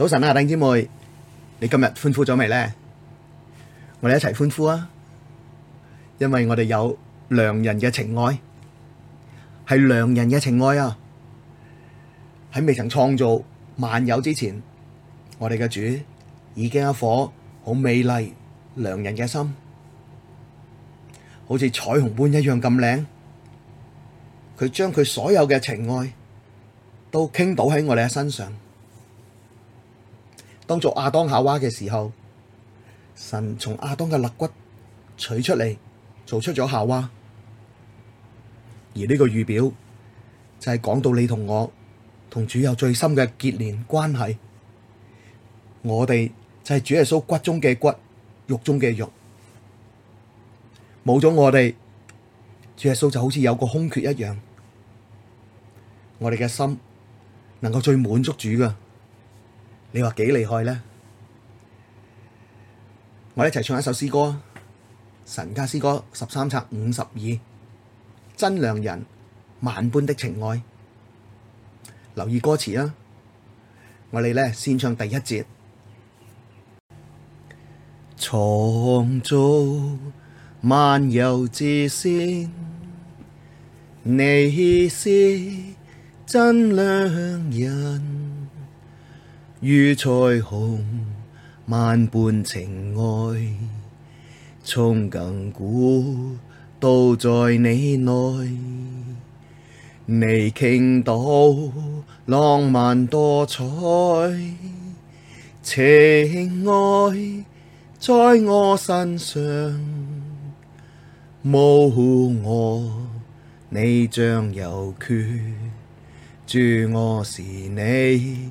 早晨啊，弟兄姊妹，你今日歡呼咗未呢？我哋一齊歡呼啊！因為我哋有良人嘅情愛，係良人嘅情愛啊！喺未曾創造萬有之前，我哋嘅主已經有咗一顆好美麗良人嘅心，好似彩虹般一樣咁靚。佢將佢所有嘅情愛都傾倒喺我哋嘅身上。當做亞當夏娃嘅時候，神從亞當嘅肋骨取出嚟，做出咗夏娃。而呢個預表就係、是、講到你同我同主有最深嘅結連關係。我哋就係主耶穌骨中嘅骨，肉中嘅肉。冇咗我哋，主耶穌就好似有個空缺一樣。我哋嘅心能夠最滿足主㗎。你話幾厲害呢？我哋一齊唱一首詩歌啊！神家詩歌十三冊五十二，真良人萬般的情愛，留意歌詞啊！我哋咧先唱第一節，創造萬有之先，你是真良人。如彩虹，萬般情愛，從亙古都在你內，你傾倒浪漫多彩，情愛在我身上，冇我你將有缺，主我是你。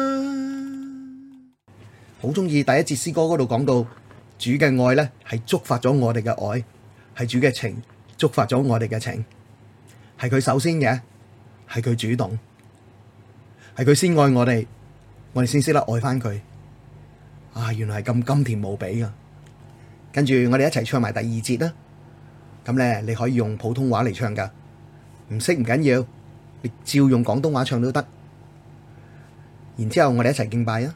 好中意第一節詩歌嗰度講到主嘅愛呢係觸發咗我哋嘅愛，係主嘅情觸發咗我哋嘅情，係佢首先嘅，係佢主動，係佢先愛我哋，我哋先識得愛翻佢。啊，原來係咁甘甜無比啊！跟住我哋一齊唱埋第二節啦，啊。咁咧你可以用普通話嚟唱噶，唔識唔緊要，你照用廣東話唱都得。然之後我哋一齊敬拜啊！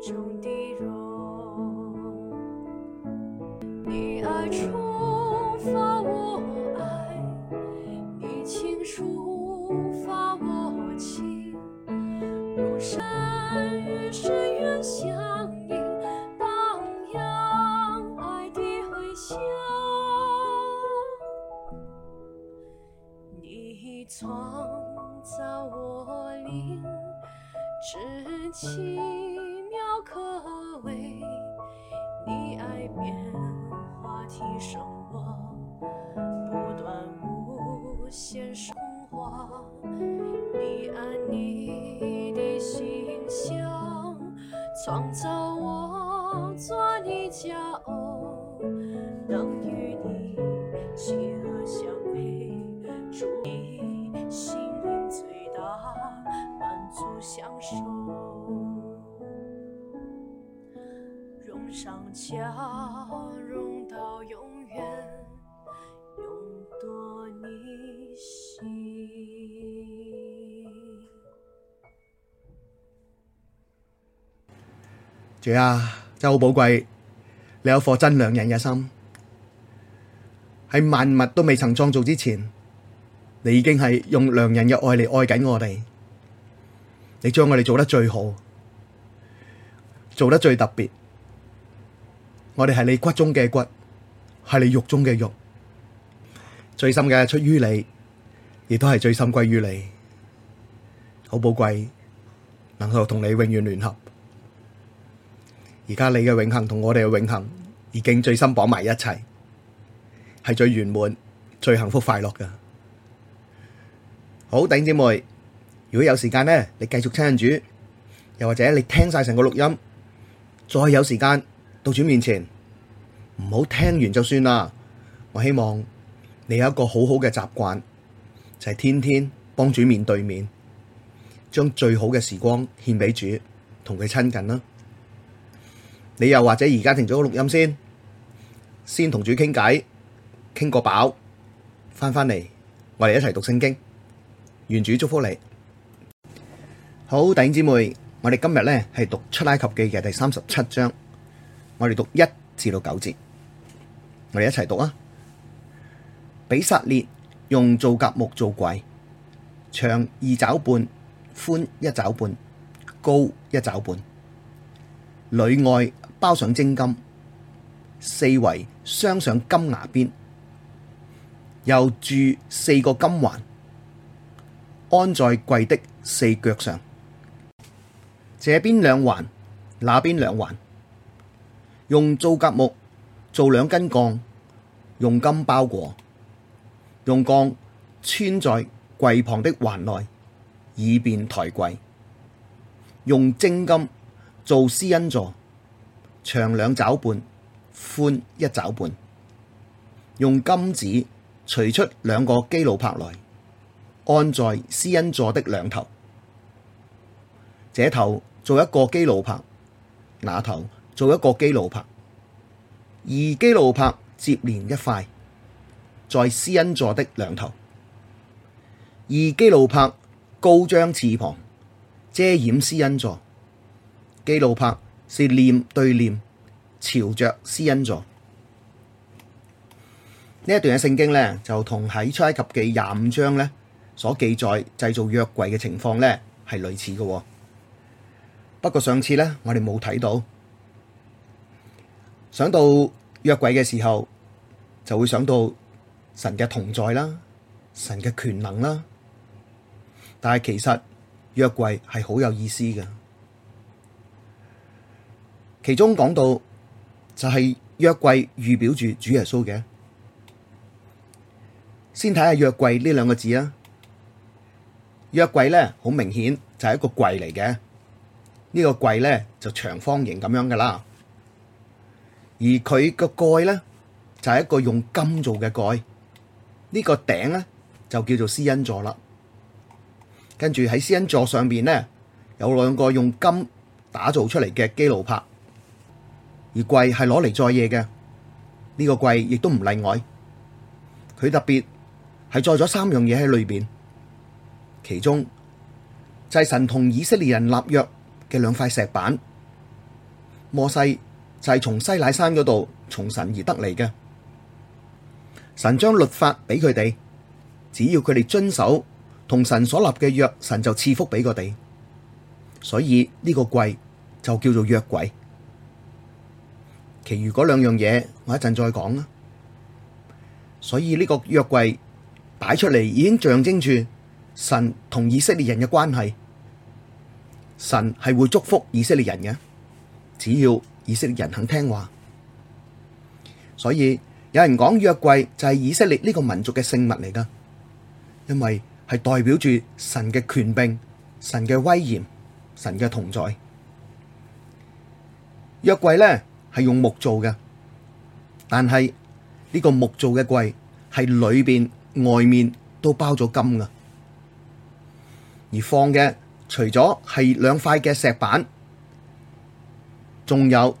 中的肉，你愛觸發，我愛你情。主啊，真好寶貴！你有顆真良人嘅心，喺萬物都未曾創造之前，你已經係用良人嘅愛嚟愛緊我哋。你將我哋做得最好，做得最特別。我哋係你骨中嘅骨，係你肉中嘅肉。最深嘅出於你，亦都係最深歸於你。好寶貴，能夠同你永遠聯合。而家你嘅永恆同我哋嘅永恆已經最深綁埋一齊，係最圓滿、最幸福、快樂嘅。好，弟姐妹，如果有時間呢，你繼續親近主，又或者你聽晒成個錄音，再有時間到主面前，唔好聽完就算啦。我希望你有一個好好嘅習慣，就係天天幫主面對面，將最好嘅時光獻俾主，同佢親近啦。你又或者而家停咗個錄音先，先同主傾偈，傾個飽，翻返嚟，我哋一齊讀聖經。願主祝福你。好，弟兄姊妹，我哋今日呢係讀出埃及記嘅第三十七章，我哋讀一至到九節，我哋一齊讀啊！比撒列用皂莢木做櫃，長二肘半，寬一肘半，高一肘半，裡外。包上精金，四圍鑲上金牙邊，又鑄四個金環，安在櫃的四腳上。這邊兩環，那邊兩環，用皂莢木做兩根槓，用金包裹，用槓穿在櫃旁的環內，以便抬櫃。用精金做施恩座。長兩肘半，寬一肘半，用金子錘出兩個基路伯來，安在施恩座的兩頭。這頭做一個基路伯，那頭做一個基路伯。二基路伯接連一塊，在施恩座的兩頭。二基路伯高張翅膀，遮掩施恩座。基路伯，是臉對臉，朝着施恩座。呢一段嘅聖經呢，就同喺出埃及記廿五章呢所記載製造約櫃嘅情況呢係類似嘅。不過上次呢，我哋冇睇到，想到約櫃嘅時候，就會想到神嘅同在啦，神嘅權能啦。但係其實約櫃係好有意思嘅。其中講到就係約櫃預表住主耶穌嘅，先睇下約、約櫃呢兩個字啊。約櫃咧好明顯就係一個櫃嚟嘅，呢個櫃咧就長方形咁樣噶啦，而佢個蓋咧就係一個用金做嘅蓋，呢個頂咧就叫做施恩座啦。跟住喺施恩座上邊咧有兩個用金打造出嚟嘅基路伯。而櫃係攞嚟載嘢嘅，呢個櫃亦都唔例外。佢特別係載咗三樣嘢喺裏邊，其中就係神同以色列人立約嘅兩塊石板，摩西就係從西乃山嗰度從神而得嚟嘅。神將律法俾佢哋，只要佢哋遵守同神所立嘅約，神就賜福俾佢哋。所以呢個櫃就叫做約櫃。其餘嗰兩樣嘢，我一陣再講啦。所以呢個約櫃擺出嚟，已經象徵住神同以色列人嘅關係。神係會祝福以色列人嘅，只要以色列人肯聽話。所以有人講約櫃就係以色列呢個民族嘅聖物嚟噶，因為係代表住神嘅權柄、神嘅威嚴、神嘅同在。約櫃呢。係用木做嘅，但係呢個木做嘅櫃係裏邊、外面都包咗金㗎。而放嘅除咗係兩塊嘅石板，仲有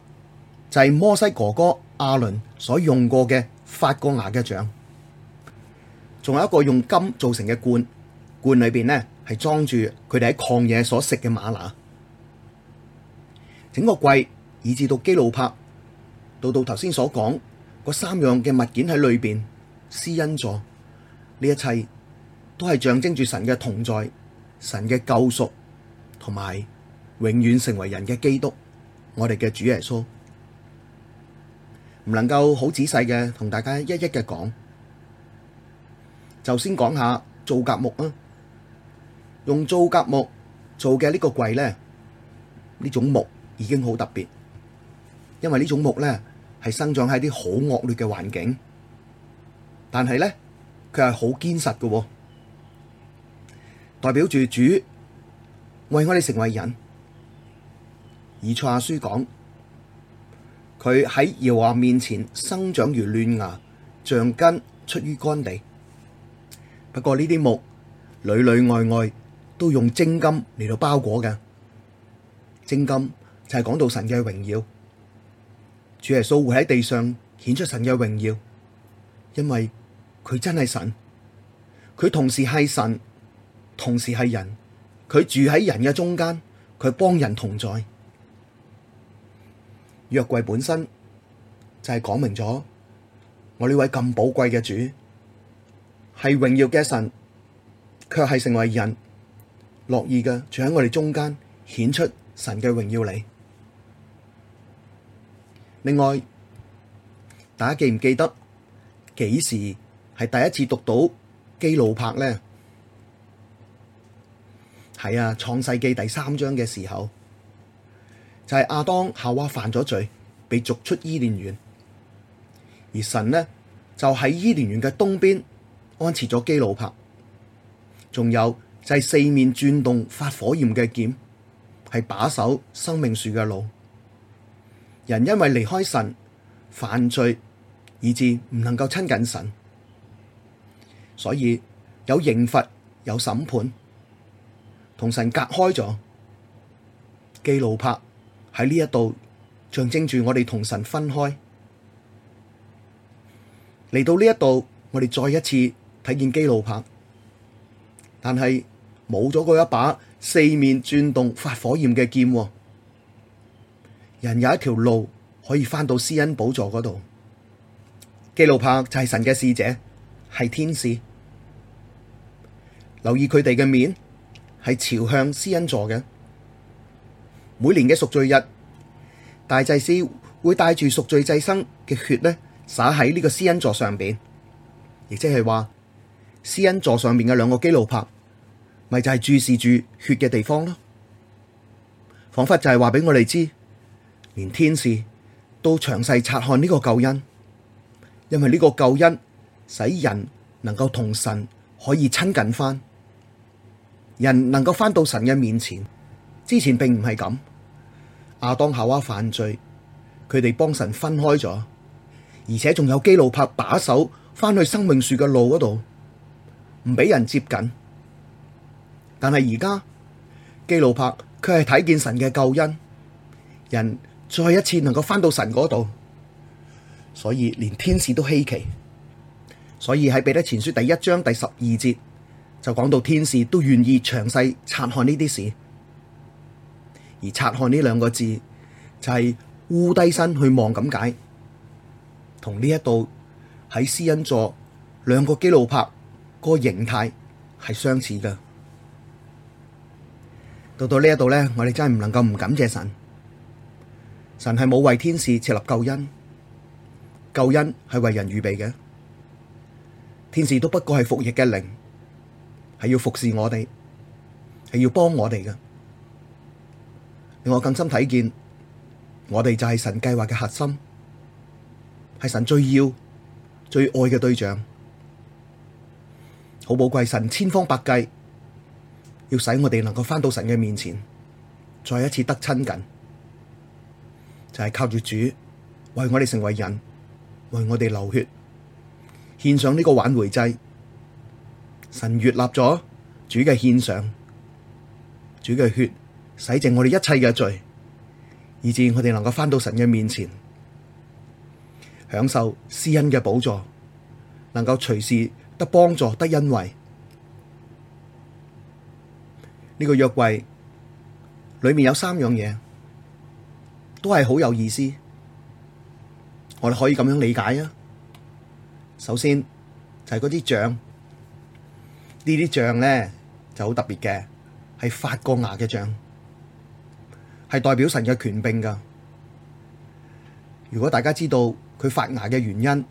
就係摩西哥哥阿倫所用過嘅發咗芽嘅杖，仲有一個用金做成嘅罐，罐裏邊呢係裝住佢哋喺曠野所食嘅嗎哪。整個櫃。以至到基路伯到到，頭先所講嗰三樣嘅物件喺裏邊施恩座，呢一切都係象徵住神嘅同在、神嘅救贖同埋永遠成為人嘅基督，我哋嘅主耶穌，唔能夠好仔細嘅同大家一一嘅講，就先講下皂莢木啊，用皂莢木做嘅呢個櫃呢，呢種木已經好特別。因為呢種木呢，係生長喺啲好惡劣嘅環境，但係呢，佢係好堅實嘅、哦，代表住主為我哋成為人。以賽亞書講佢喺耶和華面前生長如嫩芽，像根出於乾地。不過呢啲木裏裏外外，都用精金嚟到包裹嘅，精金就係講到神嘅榮耀。主耶穌會喺地上，顯出神嘅榮耀，因為佢真係神，佢同時係神，同時係人，佢住喺人嘅中間，佢幫人同在。約櫃本身就係講明咗，我呢位咁寶貴嘅主，係榮耀嘅神，卻係成為人，樂意嘅住喺我哋中間，顯出神嘅榮耀嚟。另外，大家記唔記得幾時係第一次讀到基路伯呢？係啊，創世記第三章嘅時候，就係、是、亞當夏娃犯咗罪，被逐出伊甸園，而神呢，就喺伊甸園嘅東邊安設咗基路伯，仲有就係四面轉動發火焰嘅劍，係把守生命樹嘅路。人因為離開神犯罪，以致唔能夠親近神，所以有刑罰、有審判，同神隔開咗。基路伯喺呢一度象徵住我哋同神分開，嚟到呢一度，我哋再一次睇見基路伯，但係冇咗嗰一把四面轉動發火焰嘅劍。人有一條路可以返到施恩寶座嗰度，基路伯就係神嘅使者，係天使。留意佢哋嘅面係朝向施恩座嘅。每年嘅贖罪日，大祭司會帶住贖罪祭牲嘅血咧，灑喺呢個施恩座上邊。亦即係話，施恩座上面嘅兩個基路伯，咪就係、是、注視住血嘅地方咯。彷彿就係話俾我哋知。連天使都詳細察看呢個救恩，因為呢個救恩使人能夠同神可以親近翻，人能夠翻到神嘅面前。之前並唔係咁，亞當夏娃犯罪，佢哋幫神分開咗，而且仲有基路伯把守翻去生命樹嘅路嗰度，唔俾人接近。但係而家基路伯佢係睇見神嘅救恩，人。再一次能夠翻到神嗰度，所以連天使都稀奇，所以喺彼得前書第一章第十二節就講到天使都願意詳細察看呢啲事，而察看呢兩個字就係俯低身去望咁解，同呢一度喺施恩座兩個基路伯嗰個形態係相似噶。到到呢一度呢，我哋真係唔能夠唔感謝神。神係冇為天使設立救恩，救恩係為人預備嘅。天使都不過係服役嘅靈，係要服侍我哋，係要幫我哋嘅。令我更深睇見，我哋就係神計劃嘅核心，係神最要、最愛嘅對象，好寶貴。神千方百計要使我哋能夠翻到神嘅面前，再一次得親近。就係靠住主，為我哋成為人，為我哋流血，獻上呢個挽回祭。神悅納咗主嘅獻上，主嘅血洗淨我哋一切嘅罪，以致我哋能夠翻到神嘅面前，享受施恩嘅寶座，能夠隨時得幫助得恩惠。呢、這個約櫃裏面有三樣嘢。都係好有意思，我哋可以咁樣理解啊。首先就係嗰啲杖。呢啲杖咧就好特別嘅，係發芽嘅杖，係代表神嘅權柄噶。如果大家知道佢發芽嘅原因，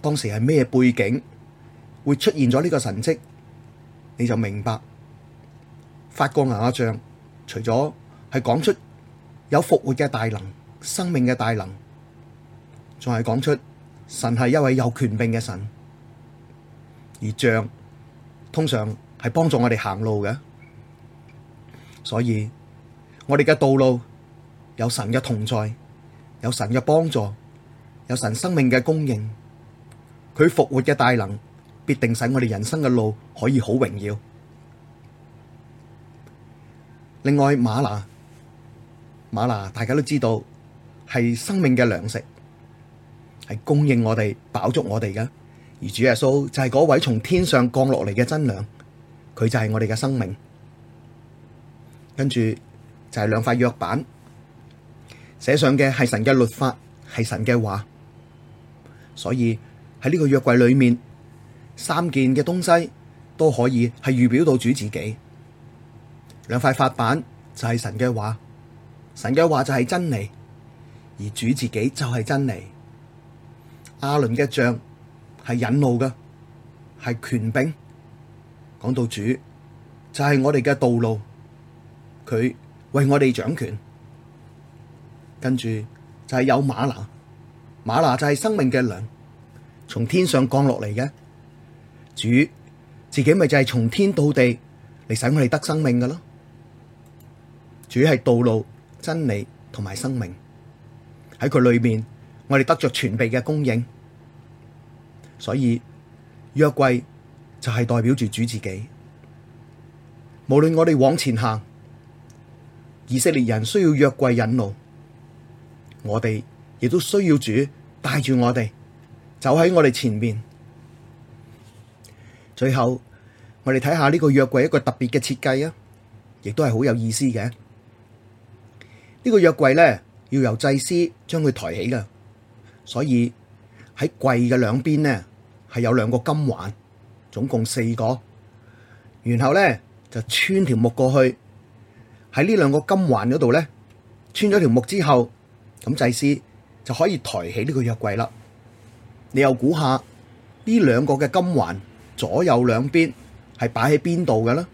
當時係咩背景，會出現咗呢個神蹟，你就明白發芽嘅杖，除咗係講出。有復活嘅大能，生命嘅大能，仲係講出神係一位有權柄嘅神。而杖通常係幫助我哋行路嘅，所以我哋嘅道路有神嘅同在，有神嘅幫助，有神生命嘅供應，佢復活嘅大能必定使我哋人生嘅路可以好榮耀。另外，嗎哪。嗎哪，大家都知道係生命嘅糧食，係供應我哋飽足我哋嘅。而主耶穌就係嗰位從天上降落嚟嘅真糧，佢就係我哋嘅生命。跟住就係兩塊約板，寫上嘅係神嘅律法，係神嘅話。所以喺呢個約櫃裏面，三件嘅東西都可以係預表到主自己。兩塊法板就係神嘅話。神嘅話就係真理，而主自己就係真理。阿倫嘅杖係引路嘅，係權柄。講到主就係我哋嘅道路，佢為我哋掌權。跟住就係有馬拿，馬拿就係生命嘅糧，從天上降落嚟嘅。主自己咪就係從天到地嚟，使我哋得生命嘅咯。主係道路，真理同埋生命喺佢裏面，我哋得着全備嘅供應。所以約櫃就係代表住主自己。無論我哋往前行，以色列人需要約櫃引路，我哋亦都需要主帶住我哋走喺我哋前面。最後我哋睇下呢個約櫃一個特別嘅設計啊，亦都係好有意思嘅。呢個約櫃咧，要由祭司將佢抬起嘅，所以喺櫃嘅兩邊咧係有兩個金環，總共四個。然後咧就穿條木過去，喺呢兩個金環嗰度咧穿咗條木之後，咁祭司就可以抬起呢個約櫃啦。你又估下呢兩個嘅金環左右兩邊係擺喺邊度嘅咧？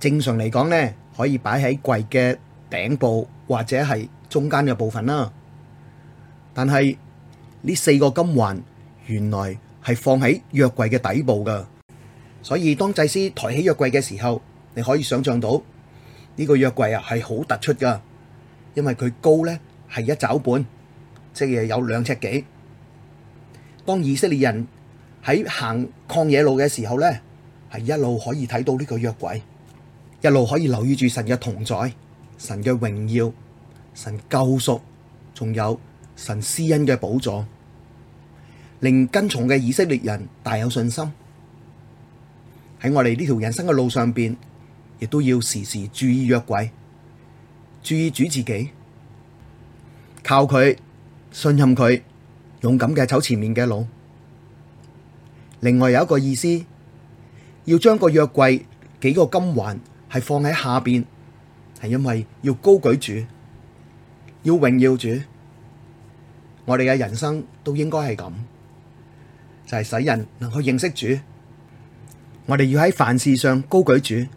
正常嚟講咧，可以擺喺櫃嘅，頂部或者係中間嘅部分啦，但係呢四個金環原來係放喺約櫃嘅底部噶，所以當祭司抬起約櫃嘅時候，你可以想象到呢個約櫃啊係好突出噶，因為佢高咧係一肘半，即係有兩尺幾。當以色列人喺行曠野路嘅時候咧，係一路可以睇到呢個約櫃，一路可以留意住神嘅同在。神嘅榮耀、神救贖，仲有神施恩嘅寶藏，令跟從嘅以色列人大有信心。喺我哋呢條人生嘅路上邊，亦都要時時注意約櫃，注意主自己，靠佢，信任佢，勇敢嘅走前面嘅路。另外有一個意思，要將個約櫃幾個金環係放喺下邊。係因為要高舉主，要榮耀主，我哋嘅人生都應該係咁，就係使人能夠認識主。我哋要喺凡事上高舉主，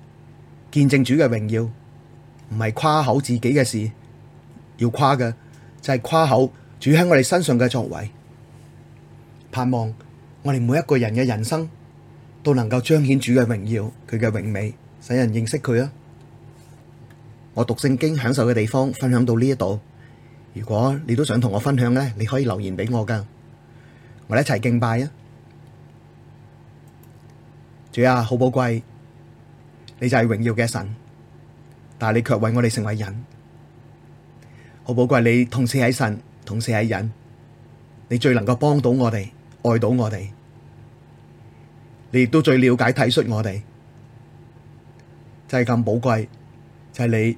見證主嘅榮耀，唔係誇口自己嘅事，要誇嘅就係誇口主喺我哋身上嘅作為。盼望我哋每一個人嘅人生都能夠彰顯主嘅榮耀，佢嘅榮美，使人認識佢啊！我讀聖經享受嘅地方分享到呢一度，如果你都想同我分享咧，你可以留言俾我噶，我哋一齊敬拜啊！主啊，好寶貴，你就係榮耀嘅神，但係你卻為我哋成為人，好寶貴，你同時係神，同時係人，你最能夠幫到我哋，愛到我哋，你亦都最了解體恤我哋，就係咁寶貴，就係你。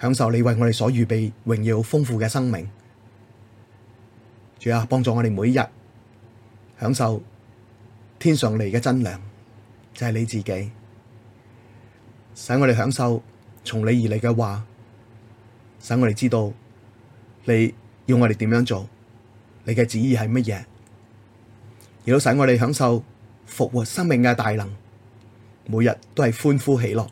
享受你為我哋所預備榮耀豐富嘅生命，主啊，幫助我哋每日享受天上嚟嘅真糧，就係你自己，使我哋享受從你而嚟嘅話，使我哋知道你要我哋點樣做，你嘅旨意係乜嘢，亦都使我哋享受復活生命嘅大能，每日都係歡呼喜樂。